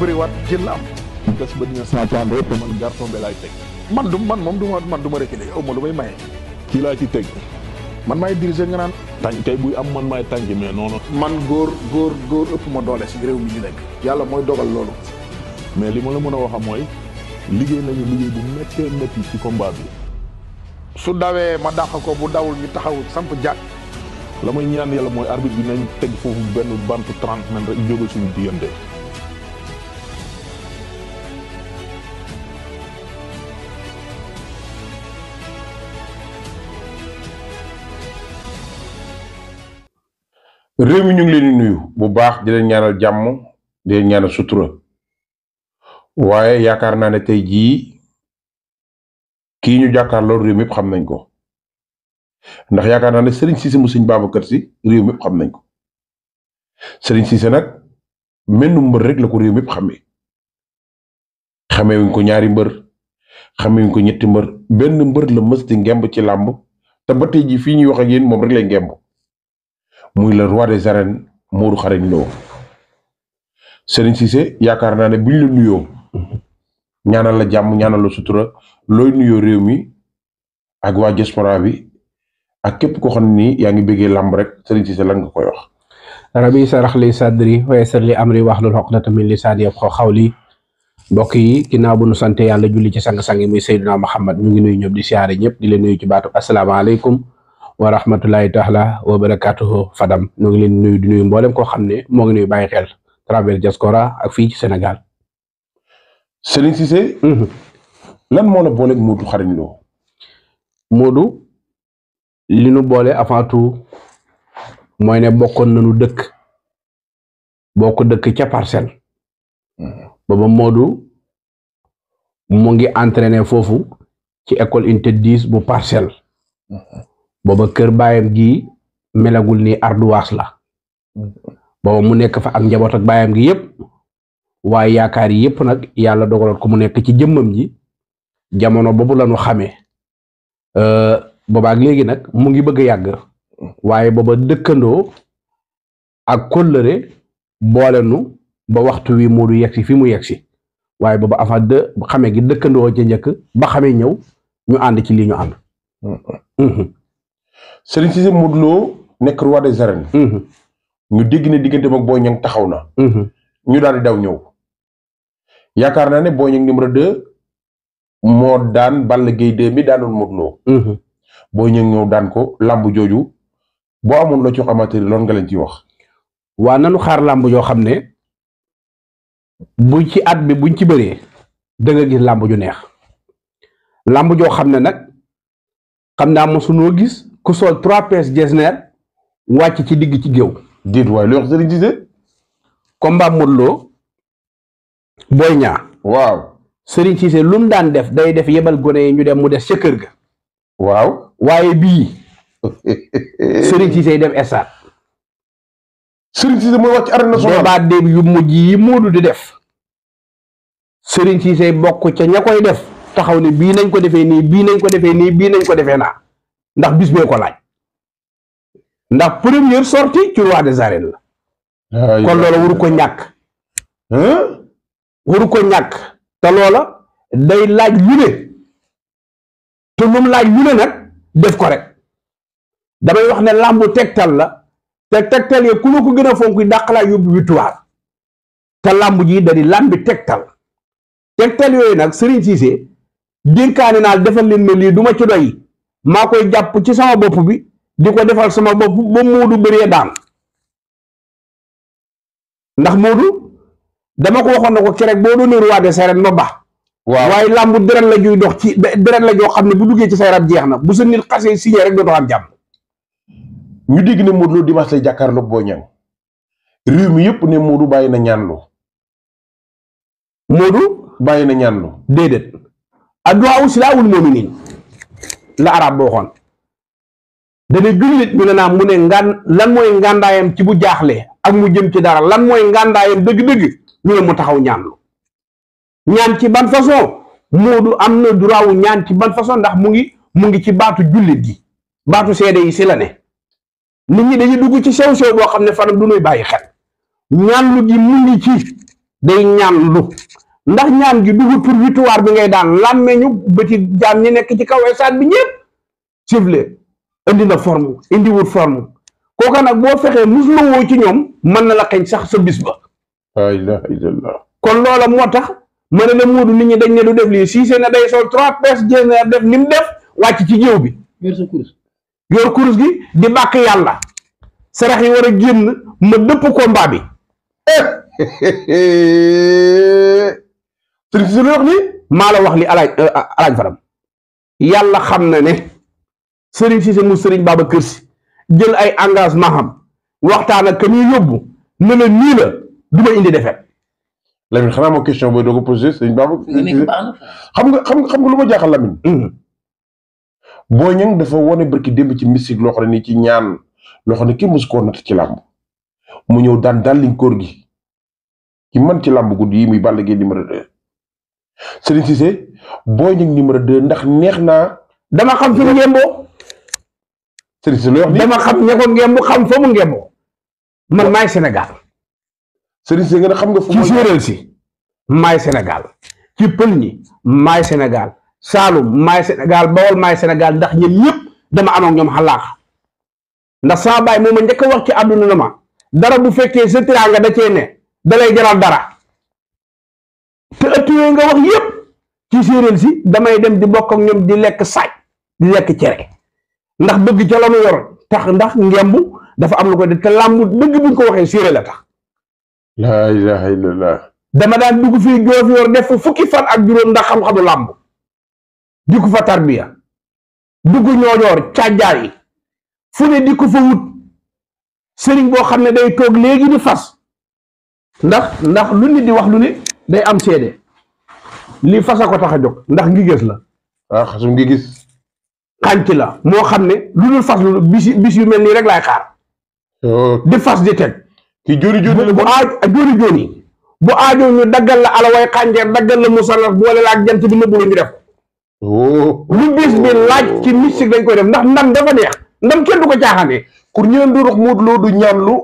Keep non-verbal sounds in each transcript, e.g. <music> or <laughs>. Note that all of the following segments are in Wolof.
bëriwaat jël la am des ba dina santaande yëpp man Gaston Mbengue laay teg man du man moom du ma man du ma reculer aw ma lu may maye ci laa ci teg man maay diriger nga naan tànk tey buy am man maay tànk mais noonu man góor góor góor ëpp ma doole si réew mi ñu nekk yàlla mooy dogal loolu mais li ma la mën a wax mooy liggéey nañu liggéey bu méttee métti ci combat bi su dawee ma dàq ko bu dawul ñu taxaw samp jàkk la may ñaan yàlla mooy arbitre bi nañ teg foofu benn bantu trente mètres rek jóge suñu diggante réew mi ñu ngi leen di nuyu bu baax di leen ñaanal jàmm di leen ñaanal sutura waaye yaakaar naa ne tey jii kii ñu jàkkaarloo réew mi xam nañ ko ndax yaakaar naa ne sëriñ Cissé mu Serigne Babacar Sy réew mi yëpp xam nañ ko Serigne Cissé nag menn mbër rek la ko réew mi yëpp xamee xamee wuñ ko ñaari mbër xamee wuñ ko ñetti mbër benn mbër la mës di ngemb ci làmb te ba tey jii fii ñuy wax ak yéen moom rek lay ngemb. muy le roi des moo Modou Xarañ Lo Serigne Cissé yaakaar naa ne buñ la nuyoo ñaanal la jàmm ñaanal la sutura looy nuyoo réew mi ak waa diaspora bi ak képp koo xam ni yaa ngi bëggee làmb rek Serigne Cissé lan nga koy wax. rabi sarax li sadri wa yassir li amri wahlul uqdatan min lisani yafqahu qawli mbokk yi naa bu nu sant yàlla julli ci sang-sang yi muy Seydina Muhammad ñu ngi nuy ñëpp di siyaare ñëpp di leen nuyu ci baatu asalaamaaleykum. wa rahmatullahi taala wa barakatuhu fadam ñoo leen nuyu di nuyu mboolem koo xam ne moo ngi nuyu bàyyi xel travers diaspora ak fii ci Sénégal. Serigne Cissé. Mhm. lan moo la booleeg Modou Xarañ Lo. Modou li nu boole avant tout mooy ne bokkoon nañu dëkk bokk dëkk ca parcelle. Mhm. booba Modou mu ngi entraîné foofu ci école unité 10 bu parcelle. Mhm. booba kër baayam gi melagul ni arduwaas la booba mu nekk fa ak njaboot ak baayam gi yëpp waaye yaakaar yi yëpp nag yàlla dogaloon ko mu nekk ci jëmmam ji jamono boobu la ñu xamee euh, boobaak léegi nag mu ngi bëgg a yàgg waaye booba dëkkandoo ak kóllëre boole nu ba waxtu wi mu du yegsi fi mu yegsi waaye booba avant de xame gi dëkkandoo ca njëkk ba xamee ñëw ñu ànd ci lii ñu ànd mm-hmm. Mm-hmm. Serigne Cissé Modou Lo nekk roi des arènes. Mhm. ñu dégg ne diggante mag Boy Niang taxaw na. Mhm. ñu daal di daw ñëw. yaakaar naa ne Boy Niang numéro 2 moo daan Balla Gaye 2 mi daanoon Modou Lo. Mhm. Boy Niang ñëw daan ko làmb jooju boo amoon loo ci wax amateur loolu nga leen ciy wax. waa nanu xaar làmb joo xam ne bu ci at bi buñ ci bëree da nga gis làmb ju neex làmb joo xam ne nag xam naa mosunoo gis. ku sol trois pièces jesner wàcc ci digg ci géew. diit waay li wax sëriñ Cissé. combat Modou Boy Niang. waaw sëriñ Cissé lu mu daan def day def yebal gone yi ñu dem mu des ca kër ga. waaw waaye bii sëriñ <laughs> Cissé dem estaat. sëriñ Cissé mooy wax ci arène nationale débat déeb yu mujj yi Modou di def. sëriñ Cissé bokk ca ña koy def taxaw ne bii nañ ko defee nii bii nañ ko defee nii bii nañ ko defee naa. ndax bis ko laaj ndax première sorti ci roi des la kon loola waru ko ñàkk waru ko ñàkk te loola day laaj lu ne te moom laaj lu ne nag def ko rek damay wax ne làmbu tegtal la te tegtal ye ku la ko gën a fonk dàq laa yóbbu victoire te làmb ji da di làmbi tegtal tegtal yooyu nag Serigne Cissé dénkaane naa defal leen ma lii du ma ci doy maa koy jàpp ci sama bopp bi di ko defal sama bopp ba Moodu bëree daan ndax Moodu dama ko waxoon na ko keroog boo doonee roi des arènes ma ba. waaw waaye làmb deret la juy dox ci deret la joo xam ne bu duggee ci sa yaram jeex na bu sa nit xasee signé rek dootoo am jàmm. ñu dégg ne Modou Lo dimanche lay jàkkaarloog Boy Niang réew mi yëpp ne Modou bàyyi na ñaan lu Modou bàyyi na ñaan lu déedéet adduwaa usilaa ul mu'miniin la arab boo xoon dane jullit bi ne naa mu ne ngan lan mooy ngàndaayam ci bu jaaxle ak mu jëm ci dara lan mooy ngàndaayam dëgg-dëgg ñu ne mu taxaw ñaanlu ñaan ci ban façon moodu am na duraawu ñaan ci ban façon ndax mu ngi mu ngi ci baatu jullit gi baatu seede yi si la ne nit ñi dañuy dugg ci sew sew boo xam ne fanam du nuy bàyyi xel ñaanlu gi mu ngi ci day ñaanlu ndax ñaan gi dugul pour victoire bi ngay daan ñu bëti jaan ñi nekk ci kaw esaat bi ñëpp sifle indi na forme indiwul forme kooka nag boo fexee musuma woo ci ñoom mën na la xeeñ sax sa bis ba la ilaha kon loola moo tax ma ne la Moodu nit ñi dañ ne du def lii Cissé ne day sol trois pièces jeunère def ni mu def wàcc ci géew bi yor sa gi di bàkk yàlla sarax yi war a génn ma dëpp combat bi <laughs> sëriñ si wax ni maa la wax li alaaj euh, ah, alaaj yàlla xam na ne sëriñ si mu sëriñ Babacar Si jël ay engagement xam waxtaan ak ka muy yóbbu ne la nii la du ma indi defet Lamine doo xam nga xam nga xam nga lu ma jaaxal Lamine mm-hmm. Boy Niang dafa wone barki démb ci mystique loo xam ne nii ci ñaan loo xam ne kii mosu koo natt ci làmb mu ñëw daan daan liñ kóor gi ki man ci làmb guddi yi muy Balla Gaye numéro 2 Serigne Cissé Boy Niang numéro ndax neex na dama xam fi mu ngemboo. Serigne Cissé loo wax nii dama xam ne xam fa ngemboo man maay Sénégal. Serigne xam nga fu mu. ci maay Sénégal ci pël ñi maay Sénégal Saalum maay senegal Bawol maay senegal ndax ñun ñëpp dama amoon ñoom xalaax ndax saa baay moom a njëkk a wax ci àdduna na ma dara bu fekkee sa tiraanga da cee ne jaral dara. te ëtt yooyu nga wax yépp ci séeréer si damay dem di bokk ak ñoom di lekk saaj di lekk cere ndax bëgg ca la yor tax ndax ngemb dafa am lu ko def te làmb dëgg buñ ko waxee séeréer la tax laa ilaha illallah dama daan dugg fii joof yor def fukki fan ak juróom ndax xam-xamu làmb di ko fa tarbiya dugg ñoojoor càjjaar yi fu ne di fa wut sëriñ boo xam ne day toog léegi di fas ndax ndax lu nit di wax lu ne day am seede lii fasa ko tax a jóg ndax ngi gis la waaw ah, xasum ngi la moo xam ne lu dul fas lu bis yu mel nii rek laay xaar oh. di fas di teg ki jóoni jóoni bu aaj jóoni jóoni ñu daggal la alaway xànceer daggal la musallas boole la ak jant bi nëbbu ñu def oh. lu bis bi laaj ci mystique dañ koy def ndax ndam dafa neex ndam kenn du ko caaxaanee pour ñeen du rox Modou Lo du ñaanlu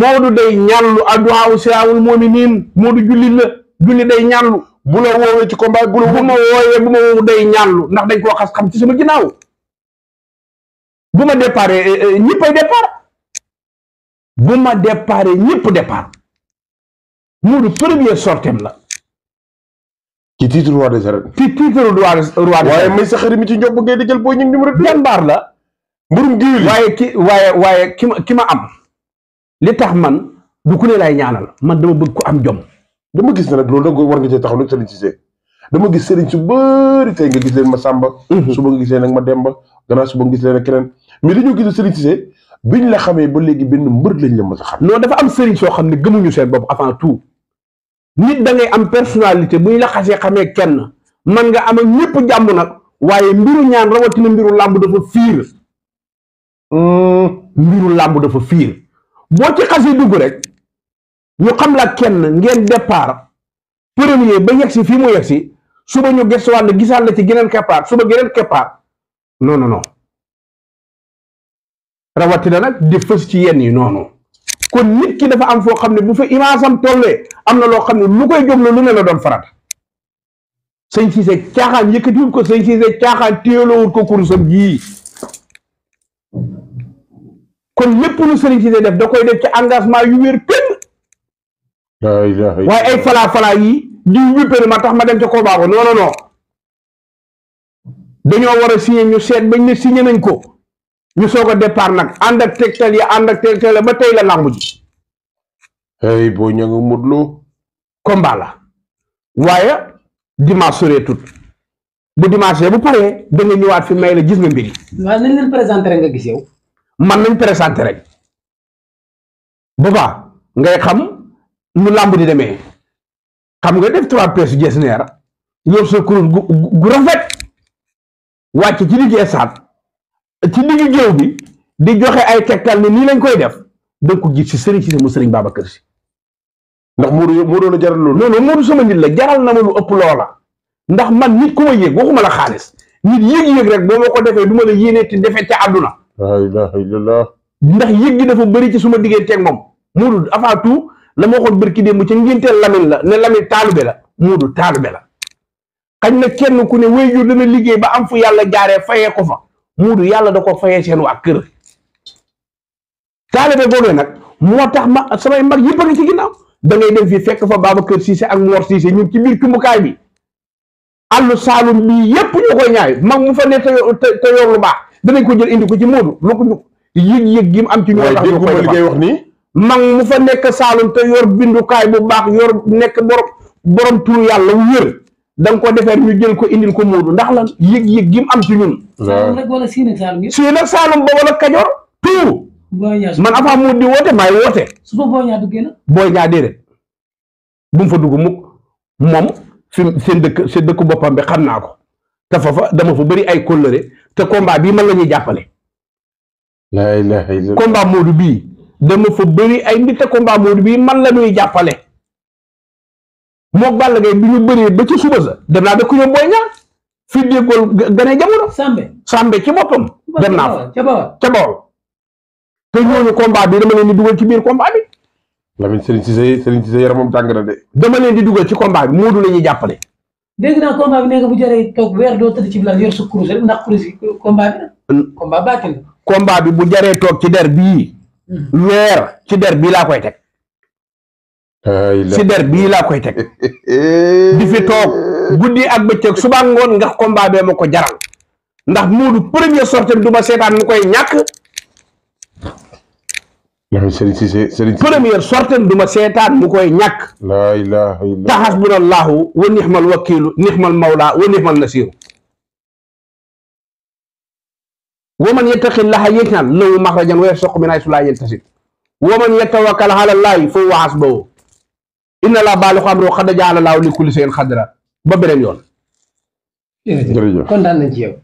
Modou day ñaanlu adduwaawu silaawul moominiin Modou jullit la julli day ñaanlu. bu la woowee ci combat bu la mm-hmm. bu ma woowee bu ma woowu day ñaanlu ndax dañ ko xas xam ci sama ginnaaw bu ma départ eh, eh, ñëppay départ bu ma départ ñëpp départ Modou premier sortem la. ci titre roi des arènes. ci titre roi des arènes. waaye may sa mi ci njob bu ngay di jël boo ñu numéro bi. jàmbaar la. mburum géwél waaye ki waaye waaye ki ma am. li tax man du ku ne lay la man dama bëgg ko am jom. dama gis ne nag loolu da war nga cee taxaw nag Serigne Cissé dama gis Serigne su bëri tey nga gis leen ma Samba. Mhm. suba nga gis leen ak ma Demba gannaaw suba nga gis leen ak keneen mais li ñu gis Serigne Cissé biñ la xamee ba léegi benn mbër lañ la a xam. non dafa am Serigne soo xam ne gëmuñu seen bopp avant tout nit da ngay am personnalité buñ la xasee xamee kenn man nga am ak ñëpp jàmm nag waaye mbiru ñaan rawatina mbiru làmb dafa fiir. Hmm. mbiru làmb dafa fiir boo ci xasee dugg rek. ñu xam la kenn ngeen départ premier ba yegg si fii mu yegg si suba ñu gëstuwaat la gisaat la ci geneen keppaar suba geneen keppaar non non non rawatina nag def fës ci yenn yi noonu kon nit ki dafa am foo xam ne bu fa imaasam tollee am na loo xam ne lu koy jóg la lu ne la doon farata sëñ Cissé caaxaan yëkkatiwul ko sëñ Cissé caaxaan téyeloowul ko kurusam jii kon lépp lu sëñ Cissé def da koy def ci engagement yu wér pé waaye ay falaa falaa yi diw wéppéer ma tax ma dem ca combat ba non non dañoo war a signé ñu seet bañ ne signé nañ ko ñu soog a départ nag ànd ak tegtal ya ànd ak tegtal ya ba tey la làmb ji. ay boo ña waaye dimanche soreetut bu dimanche bu paree da nga ñëwaat la gis nga mbiri nga gis man nañ présenté rek. boobaa ngay xam. nu làmb di demee xam nga def trois pièces gees neer yor sa kurus gu rafet wàcc ci liggéey saat ci digg géew bi di joxe ay tegtal ne nii lañ koy def danga ku gis si sëriñ si mu sëriñ Babacar Si ndax Modou Modou la jaral loolu non non Modou sama nit la jaral na ma lu ëpp loola ndax man nit ku ma yëg waxuma la xaalis nit yëg-yëg rek boo ko defee du ma la yéenee te defee ci àdduna. la ilaha illallah. ndax yëg gi dafa bëri ci suma digganteeg moom Modou avant tout. la ma waxoon bërki démb ca ngénteel Lamine la ne Lamine taalube la Moodu taalube la xañ na kenn ku ne waajur dana liggéey ba am fu yàlla jaaree fayee ko fa Moodu yàlla da ko fayee seen waa kër taalube boobee nag moo tax ma samay mag yëpp a ngi ci ginnaaw da ngay dem fii fekk fa kër Cissé ak Mor Cissé ñun ci biir cumbukaay bi àllu saalum bii yëpp ñoo koy ñaay mag mu fa ne te lu baax danañ ko jël indi ko ci Moodu lu ko yëg-yëg gi mu am ci ñu nii mag mu fa nekk saalum te yor bindukaay bu baax yor nekk borom borom turu yàlla wér da nga ko defee ñu jël ko indil ko Moodu ndax la yëg-yëg gi mu am ci ñun. waaw saalum yëpp. siin ak saalum ba wala Kajoor tout. man avant mu di woote maay woote. su fa booy ñaar bu mu fa dugg mukk moom seen dëkk seen dëkk boppam bi xam naa ko te fa dama fa bari ay kóllëre te combat bii man la ñuy jàppale. la ilaha illallah bii. dama fa bëri ay nit a combat boobu bii man jàppale moo Balla Gaye bi ñu bëree ba ci suba sa dem naa ba ku ñu booy ñaar fii déggool gane jamono. Sambe Sambe ci boppam. dem naa ca Bawol ca Bawol te ñooñu combat bi dama leen di dugal ci biir combat bi. Lamine Serigne Cissé Serigne Cissé yaramam tàng dama leen di dugal ci combat bi Modou la ñuy jàppale. dégg naa combat bu jëree toog weer doo tëdd ci village yor sa bi bu jëree toog ci der bii. weer ci der bii laa koy teg si der bii laa koy teg <laughs> di fi toog guddi ak bëccëg suba ngoon nga combat bee ma ko jaral ndax Modou premier sortie du ma seetaan mu koy ñàkk Serigne Cissé Serigne Cissé première sortie ma seetaan mu koy ñàkk laa ilaaha illallaah taxasbunallaahu wa nixmal wakiilu nixmal mawlaa wa nixmal nasiiru wa man yattaqillaha yaj'al lahu makhrajan wa yarzuqhu min haythu la yahtasib wa man yatawakkal ala llahi fa huwa hasbuhu inna llaaha baalighu amrihi qad ja'ala llaahu li kulli shay'in qadran ba beneen yoon. jërëjëf kontaan nañ ci yow.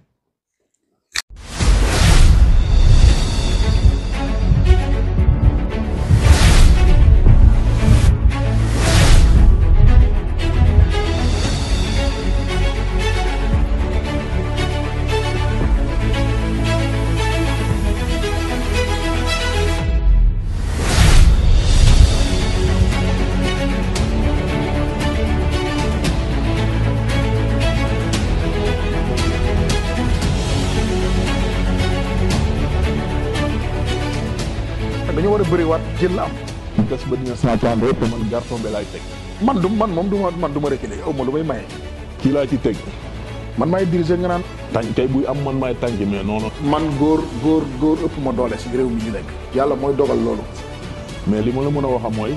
bëriwaat jël am. des ba dina saataan rek te man Gaston Mbengue laay teg man du man moom du ma man du ma reculer aw ma lu may maye. kii laa ci teg man maay diriger nga naan. tànk tey buy am man maay tànk mais noonu. man góor góor góor ëpp ma doole si réew mi ñu nekk. yàlla mooy dogal loolu. mais li ma la mën a wax mooy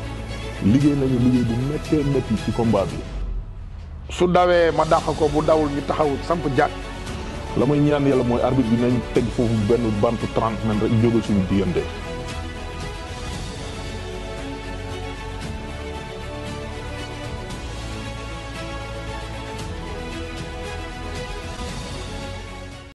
liggéey nañu liggéey bu méttee métti ci combat bi. su dawee ma dàq ko bu dawul ñu taxaw samp jàkk. la may ñaan yàlla mooy arbitre bi teg foofu benn bantu 30 mètres rek jóge suñu diggante.